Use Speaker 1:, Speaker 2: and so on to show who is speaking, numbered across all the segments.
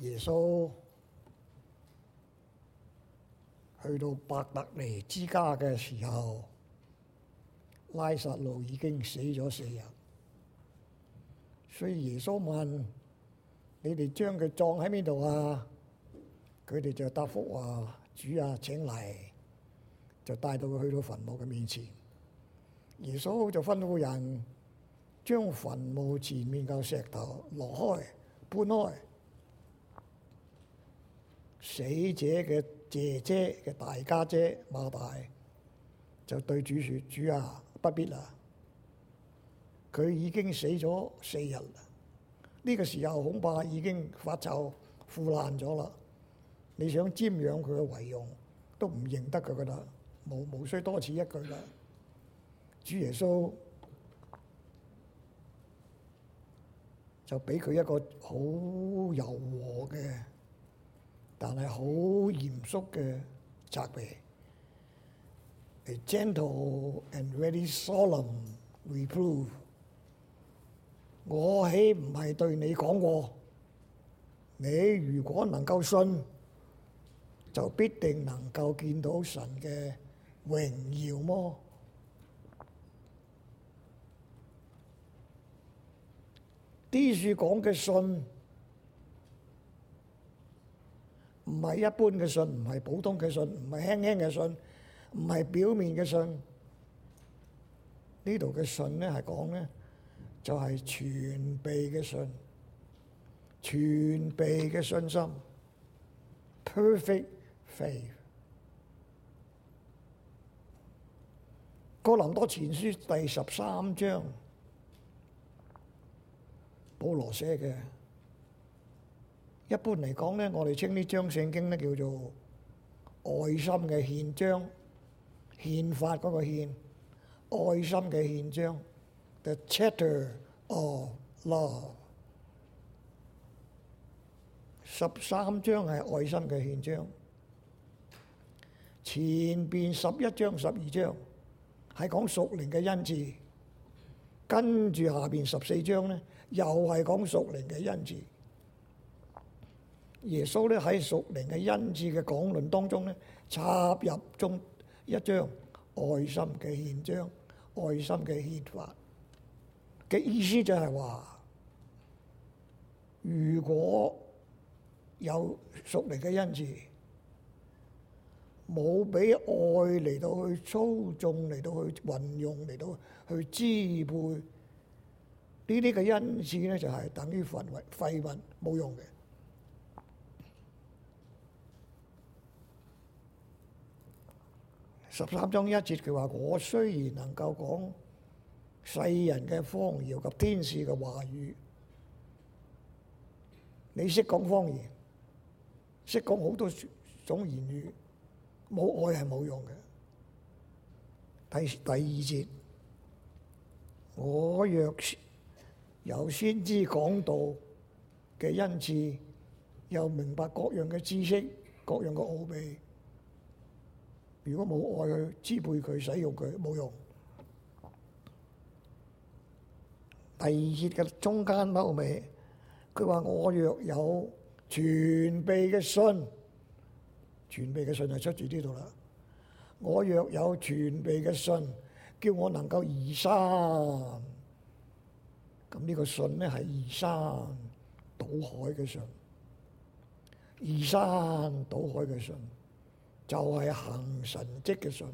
Speaker 1: 耶穌去到伯特尼之家嘅時候，拉撒路已經死咗四日，所以耶穌問：你哋將佢葬喺邊度啊？佢哋就答覆話：主啊，請嚟，就帶到佢去到墳墓嘅面前。耶穌就吩咐人將墳墓前面嘅石頭挪開、搬開。死者嘅姐姐嘅大家姐馬大就對主說：主啊，不必啦，佢已經死咗四日啦。呢、這個時候恐怕已經發臭腐爛咗啦。你想瞻仰佢嘅遺容都唔認得佢噶啦，無無需多此一舉啦。主耶穌就俾佢一個好柔和嘅。但係好嚴肅嘅責備，係 gentle and very solemn reproof。我豈唔係對你講過？你如果能夠信，就必定能夠見到神嘅榮耀麼？啲書講嘅信。唔係一般嘅信，唔係普通嘅信，唔係輕輕嘅信，唔係表面嘅信，信呢度嘅信咧係講咧，就係、是、全備嘅信，全備嘅信心，perfect faith。哥林多前書第十三章，保羅寫嘅。一般嚟講咧，我哋稱呢張聖經咧叫做愛心嘅憲章，憲法嗰個憲，愛心嘅憲章 The Charter of Love，十三章係愛心嘅憲章，前邊十一章、十二章係講屬靈嘅恩賜，跟住下邊十四章呢又係講屬靈嘅恩賜。耶穌咧喺屬靈嘅恩賜嘅講論當中咧，插入中一張愛心嘅憲章、愛心嘅憲法嘅意思就係話，如果有屬靈嘅恩賜，冇俾愛嚟到去操縱、嚟到去運用、嚟到去支配呢啲嘅恩賜咧，就係等於廢廢品，冇用嘅。十三章一節，佢話：我雖然能夠講世人嘅方言及天使嘅話語，你識講方言，識講好多種言語，冇愛係冇用嘅。睇第二節，我若由先知講道嘅恩賜，又明白各樣嘅知識，各樣嘅奧秘。如果冇愛去支配佢，使用佢，冇用。第二節嘅中間尾，佢話我若有全備嘅信，全備嘅信就出自呢度啦。我若有全備嘅信，叫我能夠移山。咁呢個信咧係移山倒海嘅信，移山倒海嘅信。就係行神蹟嘅信，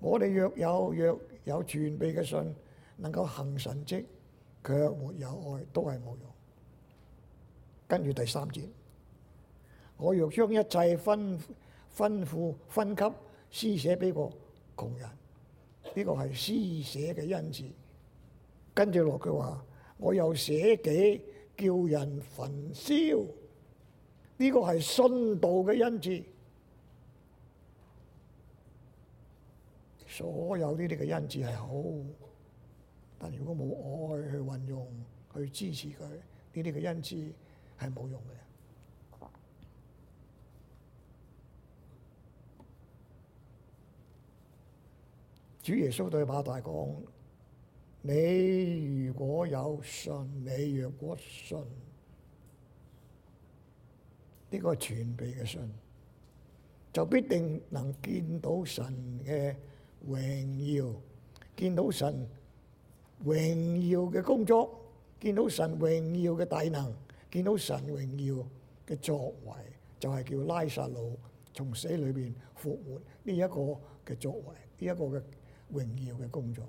Speaker 1: 我哋若有若有全備嘅信，能夠行神蹟，卻沒有愛，都係冇用。跟住第三節，我若將一切吩分付分給施捨俾個窮人，呢、這個係施捨嘅恩賜。跟住落句話，我又捨己叫人焚燒。呢個係信道嘅恩賜，所有呢啲嘅恩賜係好，但如果冇愛去運用去支持佢，呢啲嘅恩賜係冇用嘅。吧主耶穌對馬大講：你如果有信，你若果信。呢個全備嘅信，就必定能見到神嘅榮耀，見到神榮耀嘅工作，見到神榮耀嘅大能，見到神榮耀嘅作為，就係叫拉撒路從死裏邊復活呢一個嘅作為，呢一個嘅榮耀嘅工作。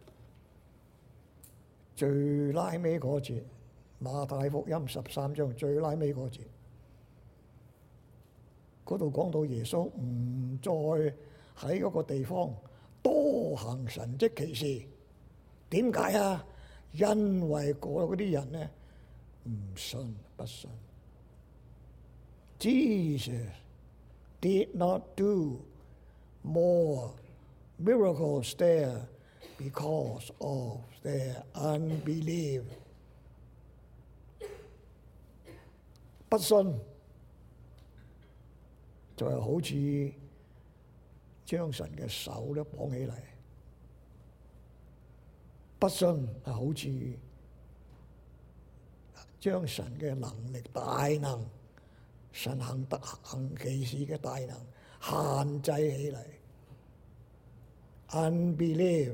Speaker 1: 最拉尾嗰節，《馬太福音》十三章最拉尾嗰節，嗰度講到耶穌唔再喺嗰個地方多行神蹟奇事，點解啊？因為嗰啲人呢唔信不信。Jesus did not do more miracles there. Because of their unbelief，不信就係好似將神嘅手咧綁起嚟，不信係好似將神嘅能力大能，神行得行其事嘅大能限制起嚟，unbelief。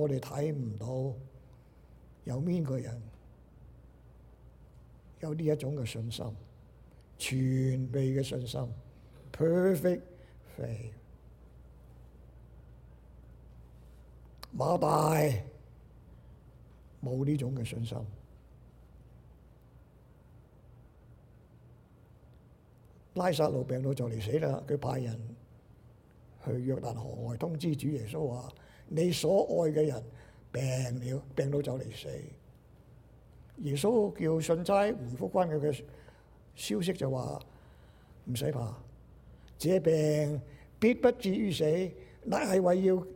Speaker 1: 我哋睇唔到有邊個人有呢一種嘅信心，全備嘅信心，perfect faith。馬大冇呢種嘅信心。拉撒路病到就嚟死啦，佢派人去約旦河外通知主耶穌話。你所愛嘅人病了，病到就嚟死。耶穌叫信差回覆翻佢嘅消息就話：唔使怕，這病必不至於死，乃係為要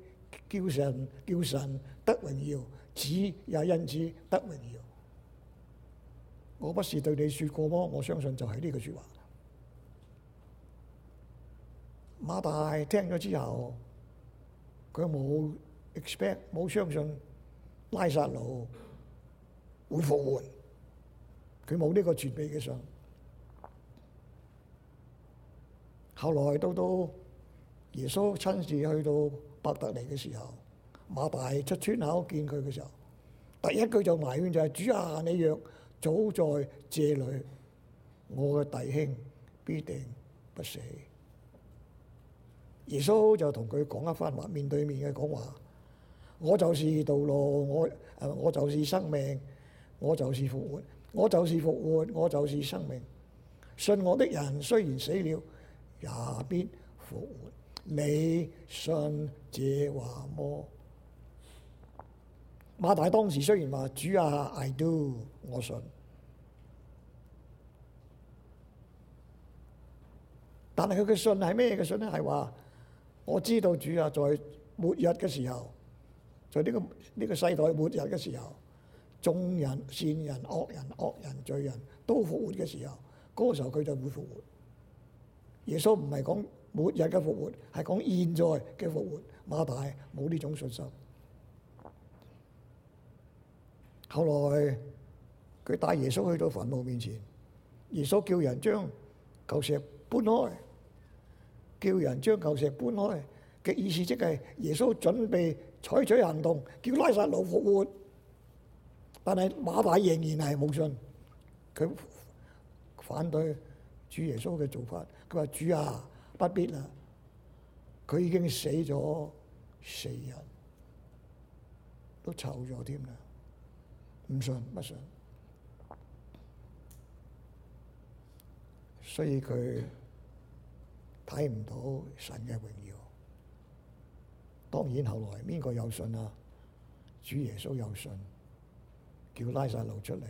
Speaker 1: 叫神叫神得榮耀，子也因此得榮耀。我不是對你說過麼？我相信就係呢句說話。馬大聽咗之後，佢冇。expect 冇相信拉撒路會復活，佢冇呢個準備嘅時候。後來到到耶穌親自去到伯特尼嘅時候，馬大出村口見佢嘅時候，第一句就埋怨就係：主啊，你若早在這裏，我嘅弟兄必定不死。耶穌就同佢講一番話，面對面嘅講話。我就是道路，我我就是生命，我就是復活，我就是復活，我就是生命。信我的人雖然死了，也必復活。你信這話麼？馬大當時雖然話主啊，I do，我信，但係佢嘅信係咩嘅信咧？係話，我知道主啊，在末日嘅時候。在呢個呢個世代末日嘅時候，眾人、善人、惡人、惡人、罪人都復活嘅時候，嗰個時候佢就會復活。耶穌唔係講末日嘅復活，係講現在嘅復活。馬大冇呢種信心。後來佢帶耶穌去到墳墓面前，耶穌叫人將舊石搬開，叫人將舊石搬開嘅意思即係耶穌準備。採取行動，叫拉撒路復活，但係馬大仍然係冇信，佢反對主耶穌嘅做法。佢話：主啊，不必啦，佢已經死咗四日，都臭咗添啦，唔信不信。所以佢睇唔到神嘅榮耀。當然後來邊個有信啊？主耶穌有信，叫拉撒路出嚟。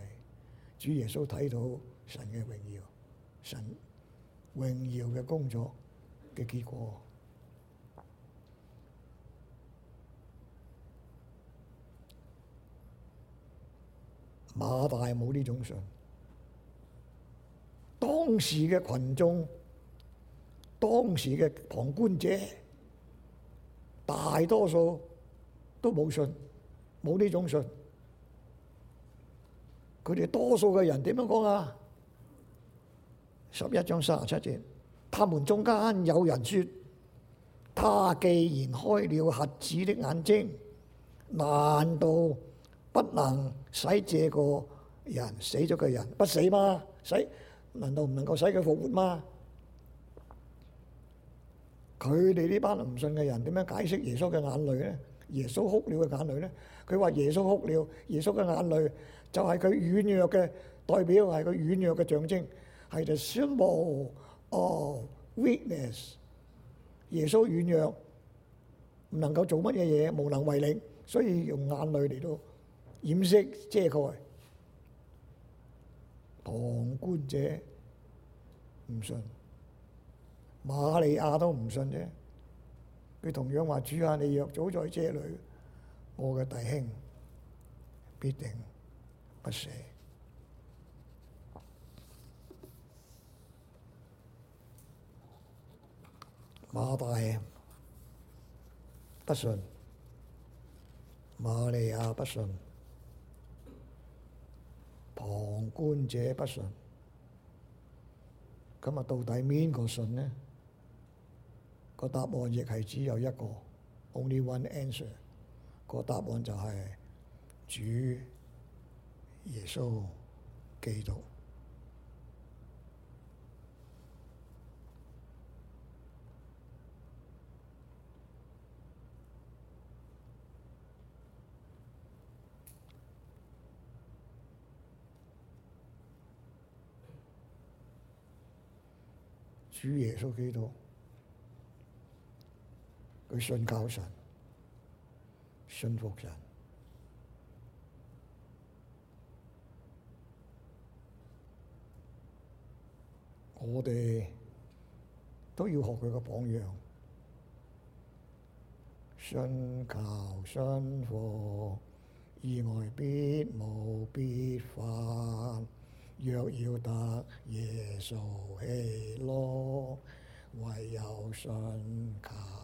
Speaker 1: 主耶穌睇到神嘅榮耀，神榮耀嘅工作嘅結果，馬大冇呢種信。當時嘅群眾，當時嘅旁觀者。大多數都冇信，冇呢種信。佢哋多數嘅人點樣講啊？十一章三十七節，他們中間有人説：他既然開了瞎子的眼睛，難道不能使這個人死咗嘅人不死嗎？使？難道唔能夠使佢復活嗎？佢哋呢班唔信嘅人點樣解釋耶穌嘅眼淚咧？耶穌哭了嘅眼淚咧？佢話耶穌哭了，耶穌嘅眼淚就係佢軟弱嘅代表，係佢軟弱嘅象徵，係就 symbol of 哦 weakness。耶穌軟弱，唔能夠做乜嘢嘢，無能為力，所以用眼淚嚟到掩飾遮蓋。旁觀者唔信。瑪利亞都唔信啫，佢同樣話：主啊，你若早在這裏，我嘅弟兄必定不死。馬大不信，瑪利亞不信，旁觀者不信，咁啊，到底邊個信呢？個答案亦係只有一個，only one answer。個答案就係主耶穌基督，主耶穌基督。佢信靠神，信服神，我哋都要學佢嘅榜樣。信靠信服，意外必無必發，若要得耶穌喜樂，唯有信靠。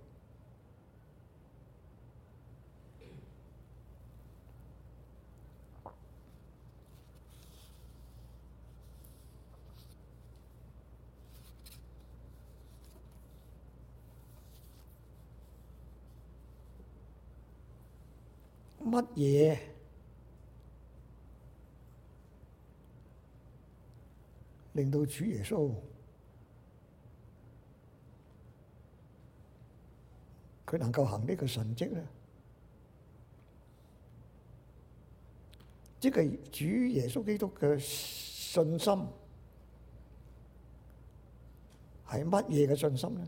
Speaker 1: 乜嘢令到主耶穌佢能夠行呢個神蹟咧？即係主耶穌基督嘅信心，係乜嘢嘅信心咧？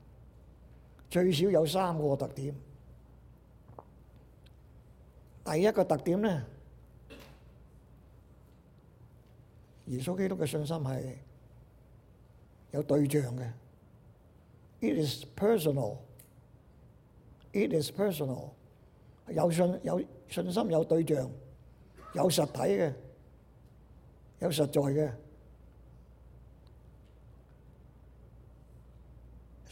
Speaker 1: 最少有三個特點。第一個特點呢，耶穌基督嘅信心係有對象嘅，It is personal，It is personal，有信有信心有對象，有實體嘅，有實在嘅。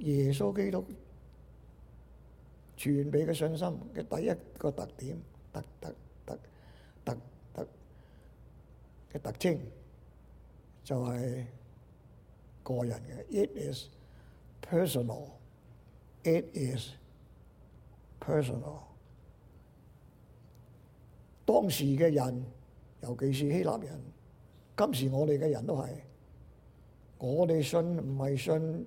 Speaker 1: 耶穌基督傳俾嘅信心嘅第一個特點，特特特特特嘅特徵，就係個人嘅。It is personal. It is personal. 當時嘅人，尤其是希臘人，今時我哋嘅人都係，我哋信唔係信。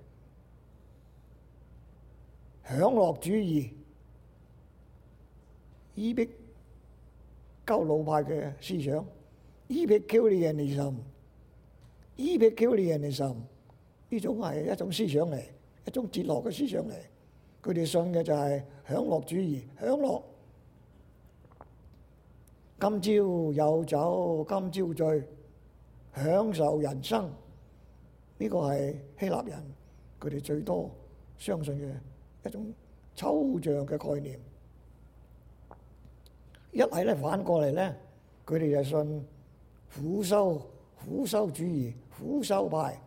Speaker 1: 享樂主義，依啲舊老派嘅思想，Epicureanism，Epicureanism，呢種係一種思想嚟，一種哲學嘅思想嚟。佢哋信嘅就係享樂主義，享樂，今朝有酒今朝醉，享受人生。呢個係希臘人佢哋最多相信嘅。一種抽象嘅概念，一係咧反過嚟咧，佢哋就信苦修苦修主義苦修派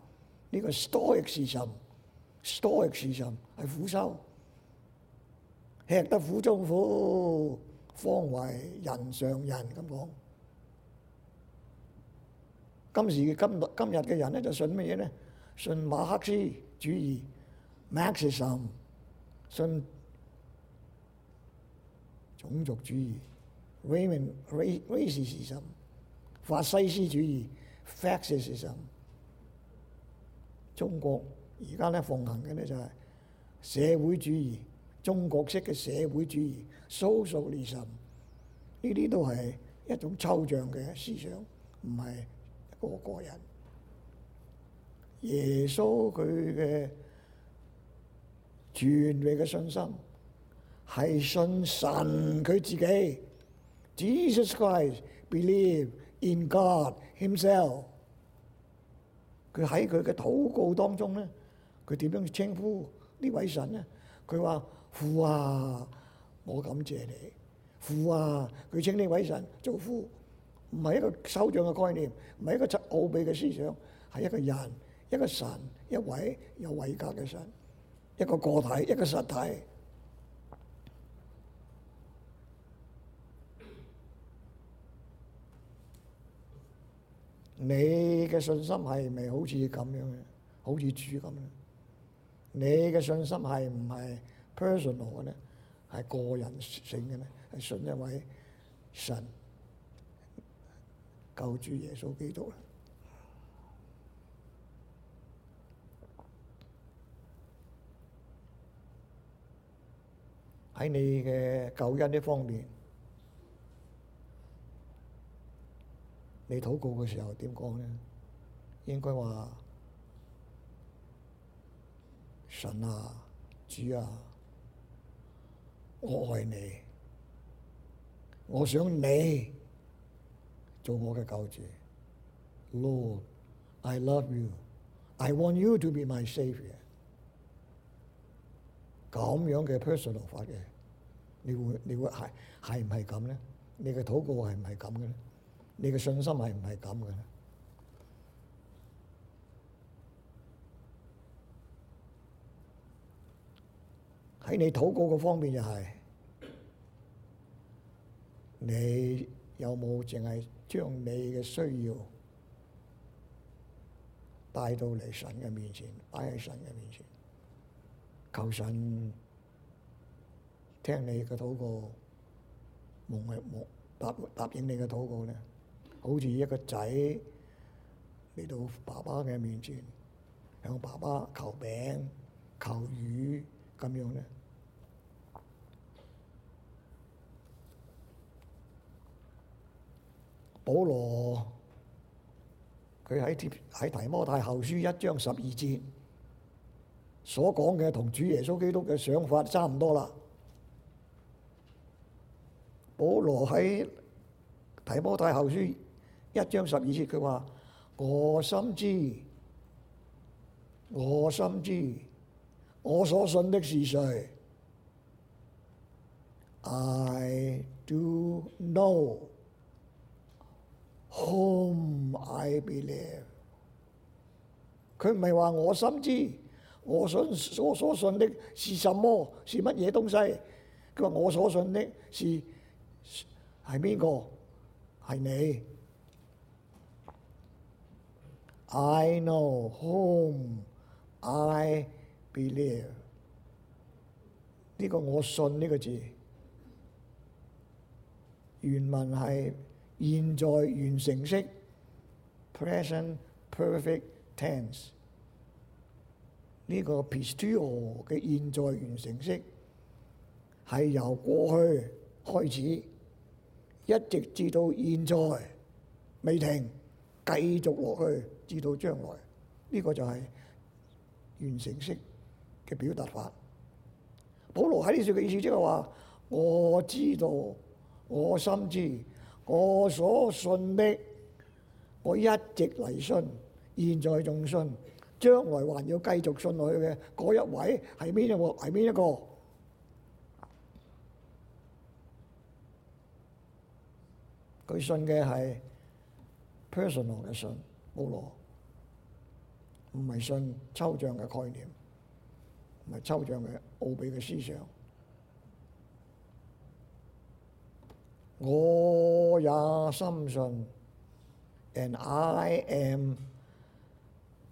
Speaker 1: 呢個 stoicism，stoicism 係苦修，吃得苦中苦方為人上人咁講。今時今今日嘅人咧就信乜嘢咧？信馬克思主義，Marxism。信種族主義，racism，Raymond, Ray, ism, 法西斯主義，fascism，中國而家咧奉行嘅咧就係社會主義，中國式嘅社會主義，socialism，呢啲都係一種抽象嘅思想，唔係一個個人。耶穌佢嘅。全備嘅信心係信神佢自己，Jesus Christ believe in God Himself。佢喺佢嘅禱告當中咧，佢點樣稱呼呢位神咧？佢話父啊，我感謝你，父啊。佢稱呢位神做父，唔係一個抽象嘅概念，唔係一個出奧秘嘅思想，係一個人，一個神，一位有位格嘅神。一個個體，一個實體。你嘅信心係咪好似咁樣嘅？好似主咁樣？你嘅信心係唔係 personal 嘅呢？係個人性嘅呢？係信一位神，救主耶穌基督。喺你嘅救恩呢方面，你禱告嘅時候點講呢？應該話神啊，主啊，我愛你，我想你做我嘅救主。Lord, I love you. I want you to be my savior. 咁樣嘅 personal 法嘅，你會你會係係唔係咁呢？你嘅禱告係唔係咁嘅呢？你嘅信心係唔係咁嘅呢？喺你禱告嘅方面就係，你有冇淨係將你嘅需要帶到嚟神嘅面前，擺喺神嘅面前？求神聽你嘅禱告，蒙嘅蒙答答應你嘅禱告咧，好似一個仔嚟到爸爸嘅面前，向爸爸求餅、求魚咁樣咧。保羅佢喺帖喺提摩太後書一章十二節。所講嘅同主耶穌基督嘅想法差唔多啦。保羅喺提摩太後書一章十二節，佢話：我深知，我深知，我所信的是誰。I do know whom I believe。佢唔係話我深知。我信所所信的是什麼？是乜嘢東西？佢話我所信的是係邊個？係你。I know whom I believe。呢個我信呢個字，原文係現在完成式，present perfect tense。呢個 p i s t u r e 嘅現在完成式係由過去開始，一直至到現在未停，繼續落去至到將來。呢、呢個就係完成式嘅表達法。保羅喺呢度嘅意思即係話：我知道，我深知，我所信的，我一直嚟信，現在仲信。將來還要繼續信佢嘅，嗰一位係邊一個？係邊一個？佢信嘅係 personal 嘅信，保羅唔係信抽象嘅概念，唔係抽象嘅奧秘嘅思想。我也深信，and I am。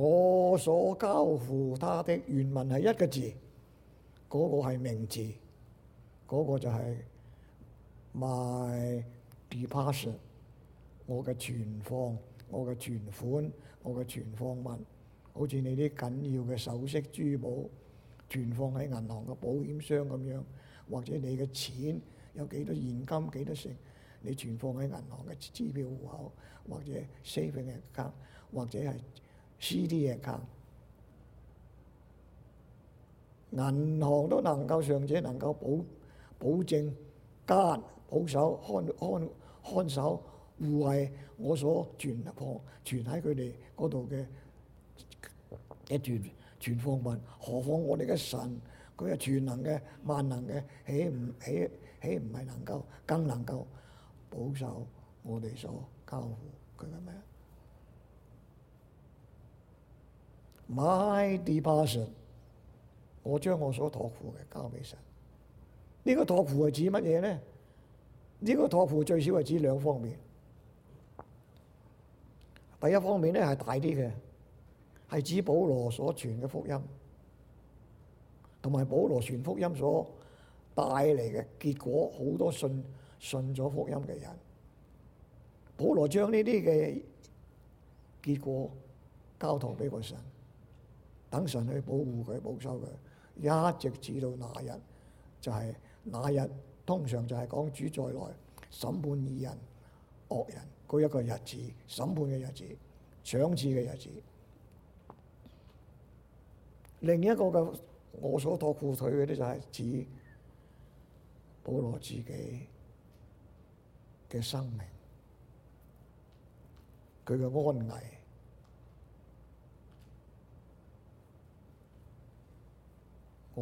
Speaker 1: 我所交付他的原文係一個字，嗰、那個係名字，嗰、那個就係 my deposit。我嘅存放、我嘅存款、我嘅存放物，好似你啲緊要嘅首飾、珠寶，存放喺銀行嘅保險箱咁樣，或者你嘅錢有幾多現金、幾多成，你存放喺銀行嘅支票戶口，或者 saving account，或者係。CD 嘢靠銀行都能夠，尚且能夠保保證監保守看看看守護衞我所存放存喺佢哋嗰度嘅一段存放物，何況我哋嘅神，佢係全能嘅萬能嘅，豈唔豈豈唔係能夠更能夠保守我哋所交付佢嘅咩？My deposit，deposit，我將我所託付嘅交俾神。呢個、呢、呢個託付係指乜嘢咧？呢個託付最少係指兩方面。第一方面咧係大啲嘅，係指保羅所傳嘅福音，同埋保羅傳福音所帶嚟嘅結果，好多信信咗福音嘅人。保羅將呢啲嘅結果交託俾個神。等神去保護佢、保守佢，一直至到那日，就係、是、那日。通常就係講主再來審判義人、惡人嗰一個日子，審判嘅日子、賞賜嘅日子。另一個嘅我所拖褲腿嗰啲就係指，保羅自己嘅生命，佢嘅安危。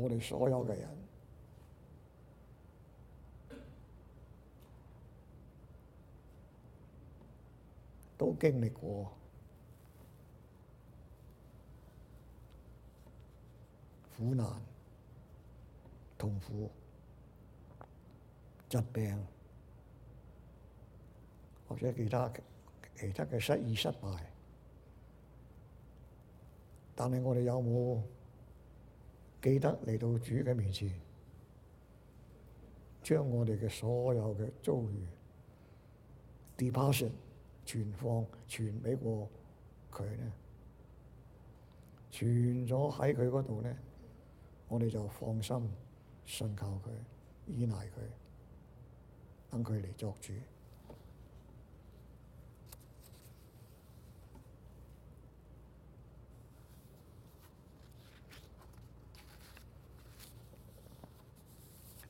Speaker 1: 我哋所有嘅人都經歷過苦難、痛苦、疾病或者其他其他嘅失意、失敗，但係我哋有冇？記得嚟到主嘅面前，將我哋嘅所有嘅遭遇 deposit 存放交俾過佢咧，存咗喺佢嗰度咧，我哋就放心信靠佢，依賴佢，等佢嚟作主。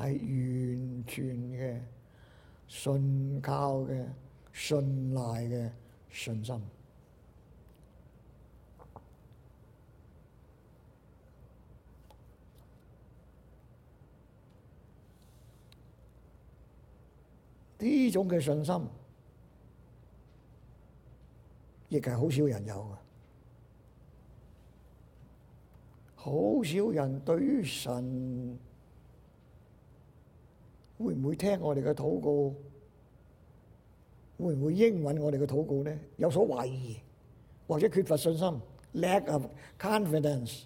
Speaker 1: 係完全嘅信靠嘅信賴嘅信心，呢種嘅信心亦係好少人有嘅，好少人對於神，會唔會聽我哋嘅禱告？會唔會應允我哋嘅禱告咧？有所懷疑或者缺乏信心 （lack of confidence）。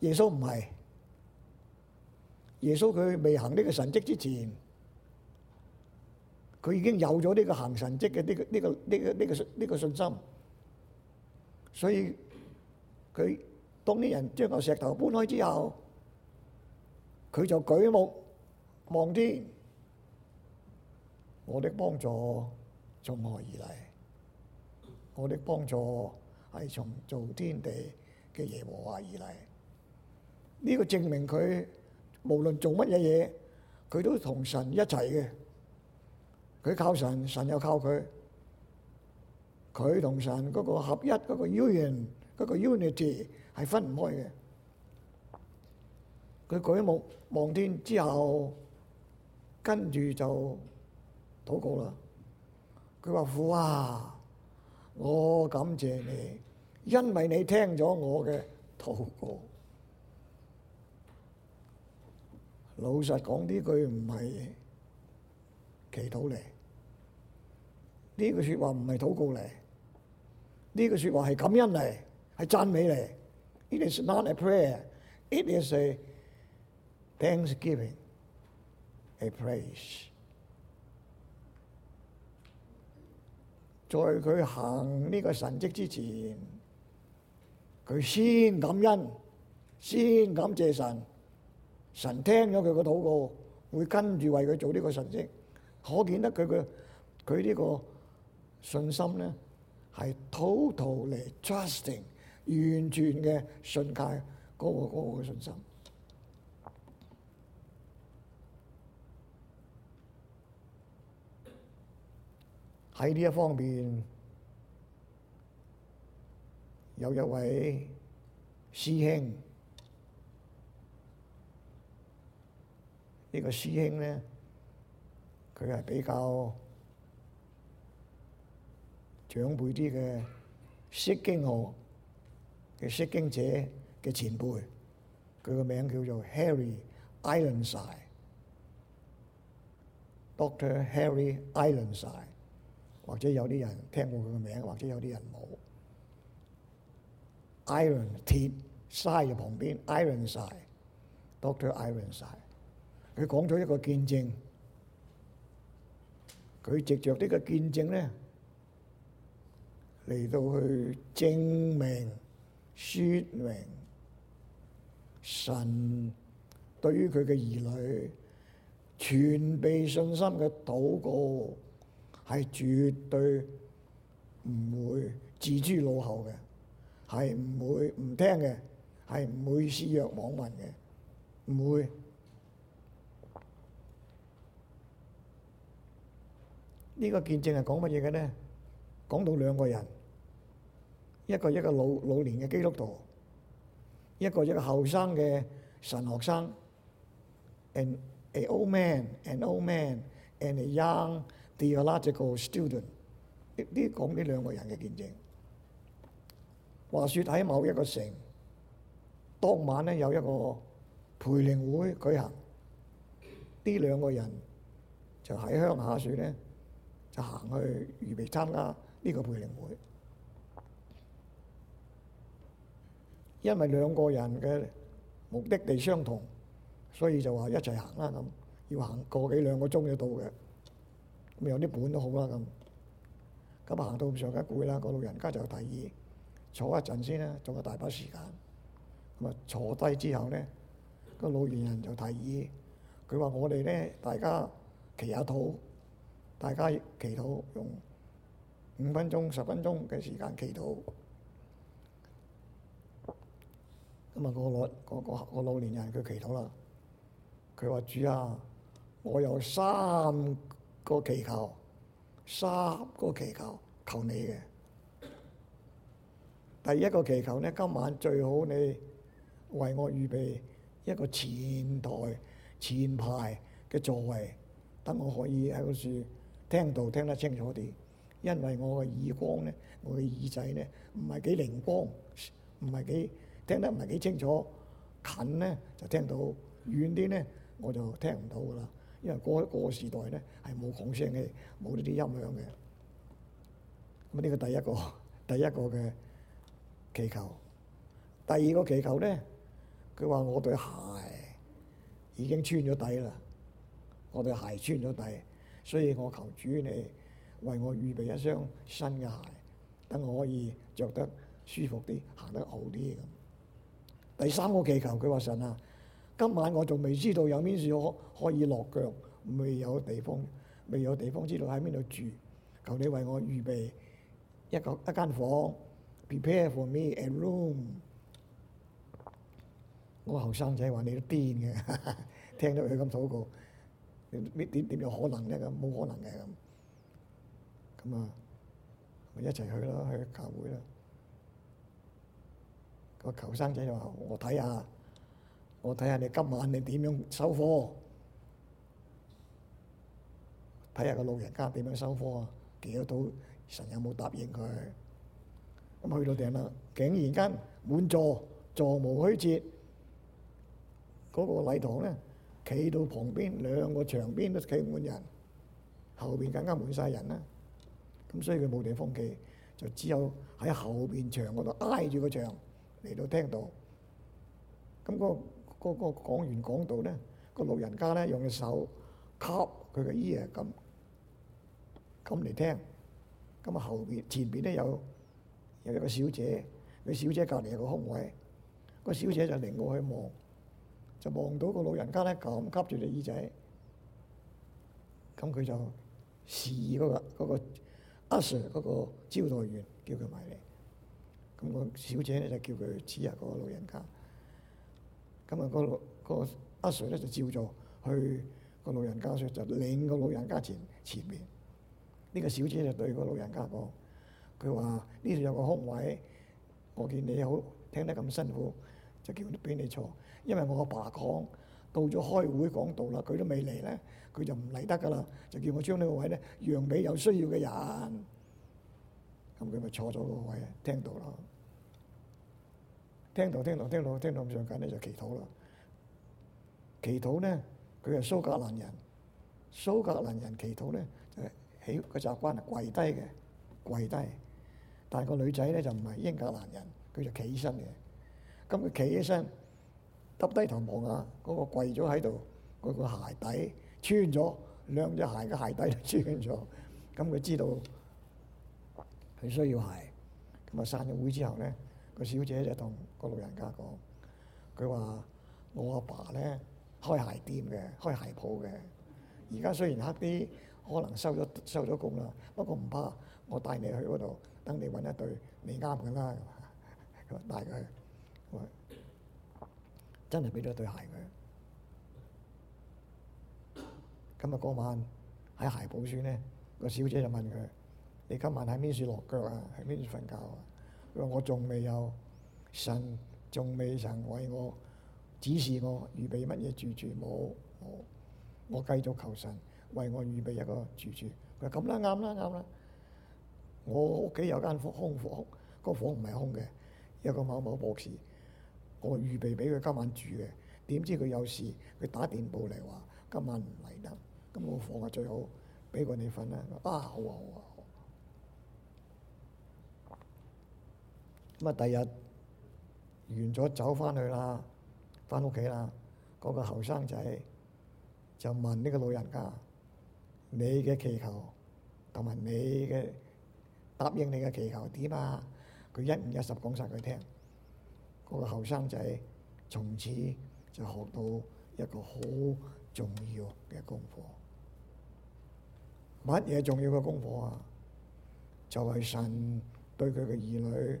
Speaker 1: 耶穌唔係。耶穌佢未行呢個神蹟之前，佢已經有咗呢個行神蹟嘅呢個呢個呢個呢個信心。所以佢當啲人將個石頭搬開之後，佢就舉目望天，我的幫助從何而來？我的幫助係從造天地嘅耶和華而來。呢個證明佢無論做乜嘢嘢，佢都同神一齊嘅。佢靠神，神又靠佢。佢同神嗰個合一嗰個 union 嗰個 unity 係分唔開嘅。佢舉目望天之後，跟住就禱告啦。佢話：父啊，我感謝你，因為你聽咗我嘅禱告。老實講，呢句唔係祈禱嚟，呢句説話唔係禱告嚟，呢句説話係感恩嚟，係讚美嚟。It is not a prayer. It is Thanksgiving，a praise。在佢行呢個神迹之前，佢先感恩，先感謝神。神聽咗佢嘅禱告，會跟住為佢做呢個神蹟。可見得佢嘅佢呢個信心咧，係 totally trusting，完全嘅信靠嗰個嗰個信心。喺呢一方面，有一位師兄，呢、這個師兄咧，佢係比較長輩啲嘅，釋經學嘅釋經者嘅前輩，佢個名叫做 Harry Ironside，Doctor Harry Ironside。或者有啲人聽過佢嘅名，或者有啲人冇。Iron 鐵 side 嘅旁邊，Ironside，Doctor Ironside，佢講咗一個見證，佢藉着呢個見證咧，嚟到去證明、說明神對於佢嘅兒女全備信心嘅禱告係絕對唔會置諸腦後嘅，係唔會唔聽嘅，係唔會肆虐妄為嘅，唔會。呢個見證係講乜嘢嘅咧？講到兩個人，一個一個老老年嘅基督徒，一個一個後生嘅神學生。And an old man, an old man, and a young Theological student，呢啲講呢兩個人嘅見證。話說喺某一個城，當晚咧有一個培靈會舉行，呢兩個人就喺鄉下樹咧就行去預備參加呢個培靈會，因為兩個人嘅目的地相同，所以就話一齊行啦。咁要行個幾兩個鐘就到嘅。咁有啲本都好啦，咁，咁行到上嚟攰啦，個老人家就提議坐一陣先啦，仲有大把時間。咁啊坐低之後咧，個老年人就提議，佢話我哋咧大家祈下禱，大家祈禱用五分鐘、十分鐘嘅時間祈禱。咁啊個老個個個老年人佢祈禱啦，佢話主啊，我有三。個祈求，三個祈求，求你嘅。第一個祈求咧，今晚最好你為我預備一個前台，前排嘅座位，等我可以喺個樹聽到聽得清楚啲，因為我嘅耳光咧，我嘅耳仔咧唔係幾靈光，唔係幾聽得唔係幾清楚，近咧就聽到遠，呢，遠啲咧我就聽唔到噶啦。因為嗰嗰個時代咧係冇擴聲器，冇呢啲音響嘅。咁、這、呢個第一個第一個嘅祈求，第二個祈求咧，佢話我對鞋已經穿咗底啦，我對鞋穿咗底，所以我求主你為我預備一雙新嘅鞋，等我可以着得舒服啲，行得好啲咁。第三個祈求，佢話神啊！今晚我仲未知道有邊處可可以落腳，未有地方，未有地方知道喺邊度住。求你為我預備一個一間房，prepare for me a room。我後生仔話你都癲嘅，聽到佢咁禱告，你點點點有可能呢？咁冇可能嘅咁。咁啊，咪一齊去啦，去教會啦。個求生仔就話：我睇下。我睇下你今晚你點樣收貨？睇下個老人家點樣收貨啊？見得到神有冇答應佢？咁去到頂啦，竟然間滿座，座無虛設。嗰個禮堂咧，企到旁邊兩個牆邊都企滿人，後邊更加滿晒人啦。咁所以佢冇地方企，就只有喺後邊牆嗰度挨住個牆嚟到聽到。咁嗰個。個個講完講到咧，個老人家咧用隻手吸佢嘅耳啊，咁咁嚟聽。咁啊，後邊前邊咧有，有一個小姐，個小姐隔離有個空位，個小姐就嚟過去望，就望到個老人家咧咁吸住隻耳仔，咁佢就示意嗰個阿 sir 嗰個招待、嗰個嗰個嗰個、員叫佢埋嚟。咁、個小姐咧就叫佢指下個老人家。咁啊、那個那個老阿 Sir 咧就照做，去個老人家說就領個老人家前前面。呢、這個小姐就對個老人家講：佢話呢度有個空位，我見你好聽得咁辛苦，就叫俾你坐。因為我阿爸講到咗開會講道啦，佢都未嚟咧，佢就唔嚟得噶啦，就叫我將呢個位咧讓俾有需要嘅人。咁佢咪坐咗個位，聽到啦。聽到聽到聽到聽到咁上下咧就祈禱啦。祈禱咧，佢係蘇格蘭人。蘇格蘭人祈禱咧，誒起個習慣係跪低嘅，跪低。但係個女仔咧就唔係英格蘭人，佢就企起身嘅。咁佢企起身，耷低頭望下嗰個跪咗喺度，佢個鞋底穿咗，兩隻鞋嘅鞋底都穿咗。咁佢知道佢需要鞋。咁啊，散咗會之後咧。個小姐就同個老人家講，佢話我阿爸咧開鞋店嘅，開鞋鋪嘅。而家雖然黑啲，可能收咗收咗工啦。不過唔怕，我帶你去嗰度，等你搵一對你啱嘅啦。咁啊，帶佢，喂，真係俾咗一對鞋佢。咁啊，嗰晚喺鞋鋪處咧，個小姐就問佢：你今晚喺邊處落腳啊？喺邊處瞓覺啊？我仲未有神，神仲未曾為我指示我預備乜嘢住處。冇，我我繼續求神為我預備一個住處。佢話咁啦，啱啦，啱啦。我屋企有間空房，個房唔係空嘅，有個某某博士，我預備俾佢今晚住嘅。點知佢有事，佢打電報嚟話今晚唔嚟得。咁我房嘅最好俾個你瞓啦。啊，好啊，好啊。咁啊！第日完咗走翻去啦，翻屋企啦。嗰個後生仔就問呢個老人家：你嘅祈求同埋你嘅答應你嘅祈求點啊？佢一五一十講晒佢聽。嗰個後生仔從此就學到一個好重要嘅功課。乜嘢重要嘅功課啊？就係神對佢嘅兒女。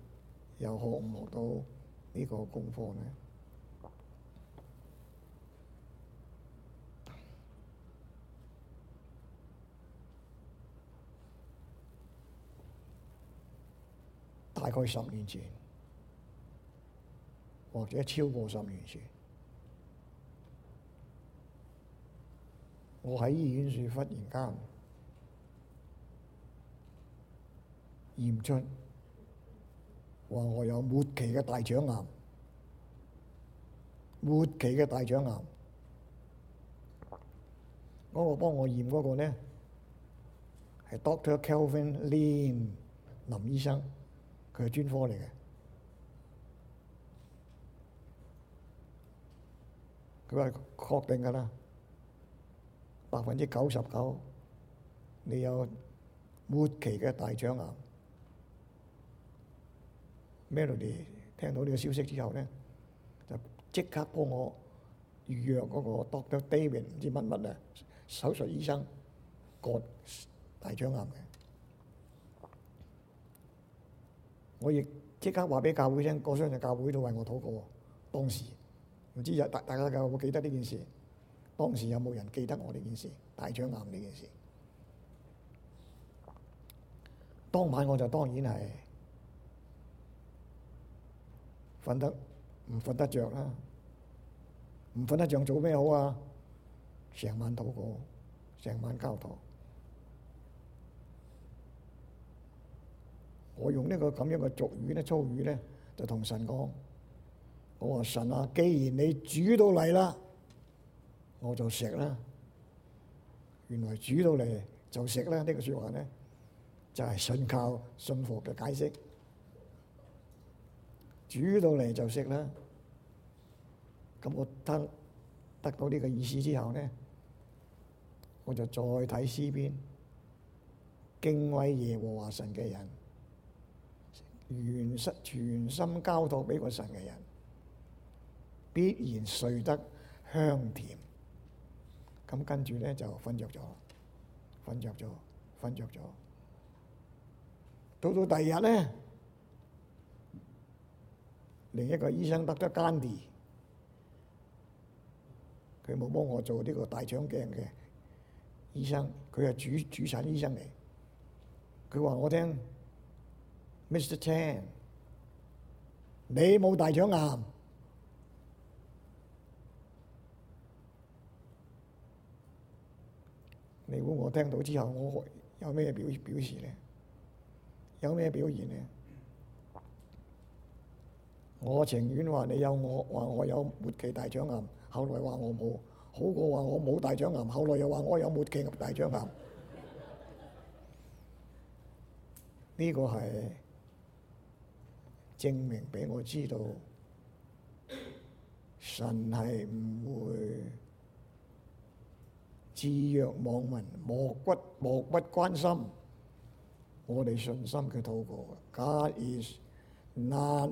Speaker 1: 又學唔學到呢個功課呢？大概十年前，或者超過十年前，我喺醫院處忽然間驗出。話我有末期嘅大腸癌，末期嘅大腸癌。我個幫我驗嗰個咧，係 Doctor Kelvin Lim 林醫生，佢係專科嚟嘅。佢話確定㗎啦，百分之九十九，你有末期嘅大腸癌。Melody 聽到呢個消息之後咧，就即刻幫我預約嗰個 Doctor David 唔知乜乜咧，手術醫生割大腸癌嘅。我亦即刻話俾教會聽，趕上就教會都為我禱告。當時唔知大大家有冇記得呢件事？當時有冇人記得我呢件事？大腸癌呢件事？當晚我就當然係。瞓得唔瞓得着啦，唔瞓得着做咩好啊？成晚禱告，成晚交託。我用呢、這個咁樣嘅俗語咧粗語咧，就同神講：我話神啊，既然你煮到嚟啦，我就食啦。原來煮到嚟就食啦，呢、這個說話咧就係、是、信靠信服嘅解釋。煮到嚟就食啦，咁我得得到呢個意思之後咧，我就再睇詩篇，敬畏耶和華神嘅人，全失全心交託俾個神嘅人，必然睡得香甜。咁跟住咧就瞓着咗，瞓着咗，瞓着咗。到到第二日咧。另一個醫生得咗堅啲，佢冇幫我做呢個大腸鏡嘅醫生，佢係主主診醫生嚟。佢話我聽，Mr. Chan，你冇大腸癌，你估我聽到之後我有咩表表示咧？有咩表現咧？我情願話你有我，話我有末期大腸癌。後來話我冇，好過話我冇大腸癌。後來又話我有末期大腸癌。呢個係證明俾我知道，神係唔會置若罔聞、漠骨漠不關心，我哋信心嘅禱告。God is not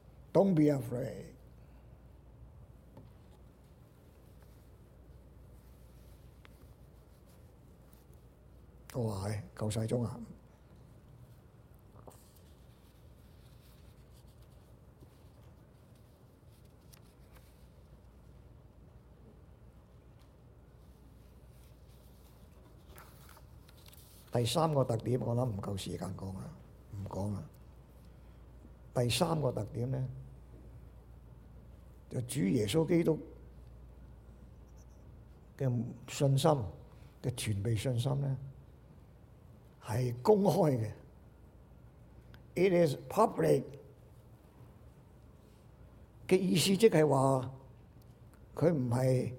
Speaker 1: Don't be afraid。哇，夠曬鐘啦。第三個特點，我諗唔夠時間講啦，唔講啦。第三個特點咧。就主耶穌基督嘅信心嘅全備信心咧，係公開嘅。It is public 嘅意思，即係話佢唔係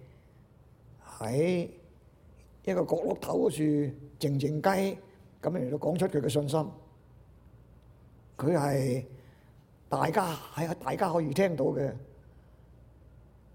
Speaker 1: 喺一個角落頭嗰處靜靜雞咁樣嚟到講出佢嘅信心，佢係大家，係大家可以聽到嘅。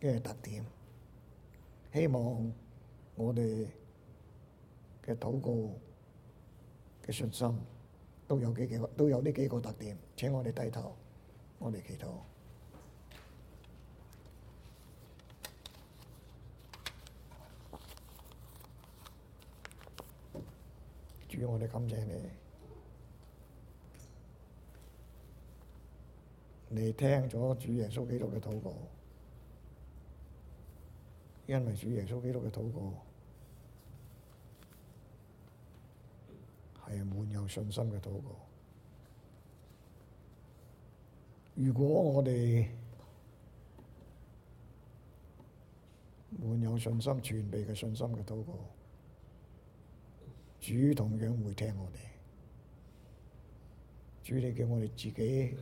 Speaker 1: 嘅特點，希望我哋嘅禱告嘅信心都有幾幾個，都有呢幾個特點。請我哋低頭，我哋祈禱。主，我哋感謝你，你聽咗主耶穌基督嘅禱告。因為主耶穌基督嘅禱告係滿有信心嘅禱告。如果我哋滿有信心、全備嘅信心嘅禱告，主同樣會聽我哋。主，你叫我哋自己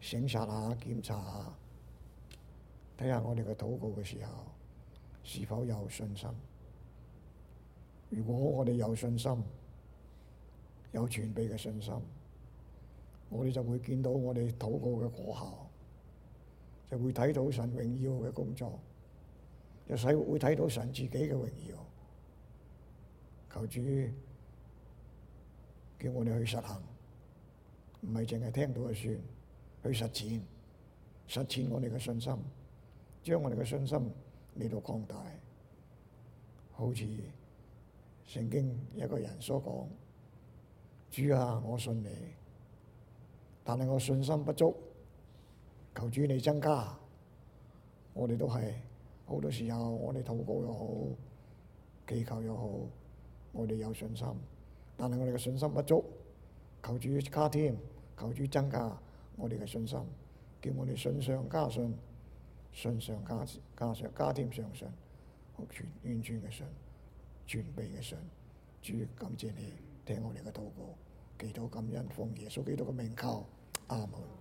Speaker 1: 省察下、檢查下，睇下我哋嘅禱告嘅時候。是否有信心？如果我哋有信心、有全備嘅信心，我哋就會見到我哋禱告嘅果效，就會睇到神榮耀嘅工作，就使會睇到神自己嘅榮耀。求主叫我哋去實行，唔係淨係聽到就算，去實踐、實踐我哋嘅信心，將我哋嘅信心。呢度擴大，好似聖經一個人所講：主啊，我信你，但係我信心不足，求主你增加。我哋都係好多時候，我哋禱告又好，祈求又好，我哋有信心，但係我哋嘅信心不足，求主加添。求主增加我哋嘅信心，叫我哋信上加信。信上加加上加添上信，完全完全嘅信，全備嘅信。主，感謝你聽我哋嘅禱告，祈禱感恩，奉耶穌基督嘅名求，阿門。